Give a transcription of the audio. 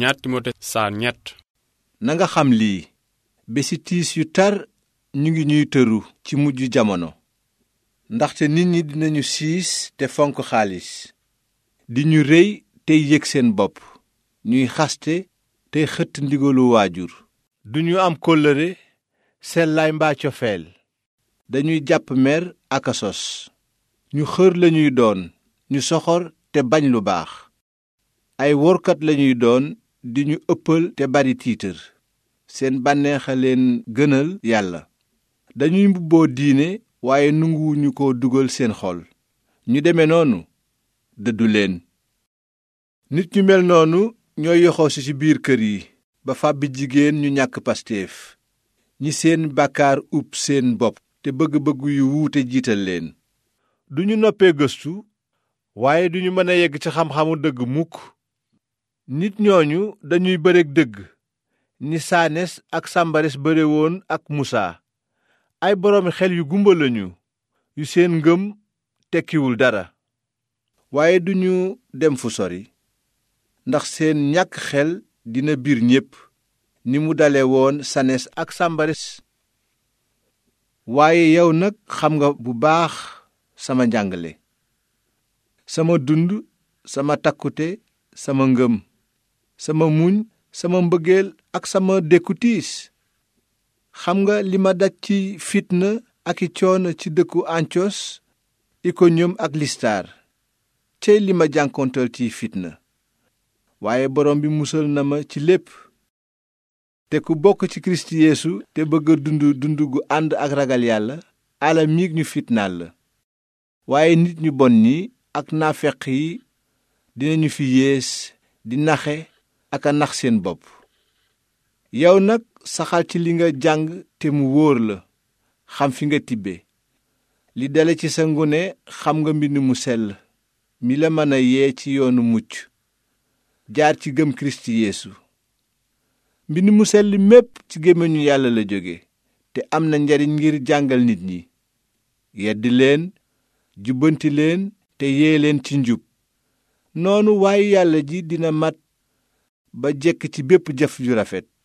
ñaar timote ñett nanga xam lii bési tiis yu tar ñu ngi ñuy tëru ci mujj jamono ndaxte nit ñi dinañu siis te fonk xaalis di ñu rëy tey yëg seen bopp ñuy xaste tey xëtt ndigalu waajur duñu am kóllëre sellaay mbaa cofeel dañuy jàpp mer akasos ñu xër lañuy doon ñu soxor te bañ lu baax ay workat lañuy doon di ñu ëppal te bari tiitër seen bànneexa leen gënal yàlla dañuy mbubboo diine waaye nanguwuñu ko dugal seen xol ñu deme noonu dëddu leen nit ñu mel noonu ñooy yoxoosi ci biir kër yi ba fàbbi jigéen ñu ñàkk pasteef ñi seen bàkkaar ub seen bopp te bëgg-bëgg yu wuute jiital leen duñu noppee gëstu waaye duñu mën a yegg ci xam-xamu dëgg mukk nit ñooñu dañuy bëreek dëgg ni saanes ak sàmbares bëre woon ak musaa ay boroomi xel yu gumba lañu yu seen ngëm tekkiwul dara waaye duñu dem fu sori ndax seen ñàkk xel dina biir ñépp ni mu dale woon sanes ak sàmbares waaye yow nag xam nga bu baax sama njàngale sama dund sama takkute sama ngëm sama muñ sama mbëggeel ak sama dekku tiis xam nga li ma daj ci fitna ak i coono ci dëkku antiyos ikoniyom ak listar cey li ma jànkonteel ci fitna waaye borom bi musal na ma ci lépp te ku bokk ci kirist yeesu te bëgg dund dund gu ànd ak ragal yàlla alam miig ñu fitnaal la waaye nit ñu bon ñi ak naafeq yi dinañu fi yées di naxe ak a nax seen bopp yow nag saxal ci li nga jàng te mu wóor la xam fi nga tibbe li dale ci sa ngune xam nga mbind mu sell mi la mën a yee ci yoonu mucc jaar ci gëm kirist yeesu mbind mu sell mépp ci gémmiñu yàlla la jóge te am na njariñ ngir jàngal nit ñi yeddi leen jubbanti leen te yee leen ci njub noonu waayu yàlla ji dina mat ba jekk ci bépp jëf ju rafet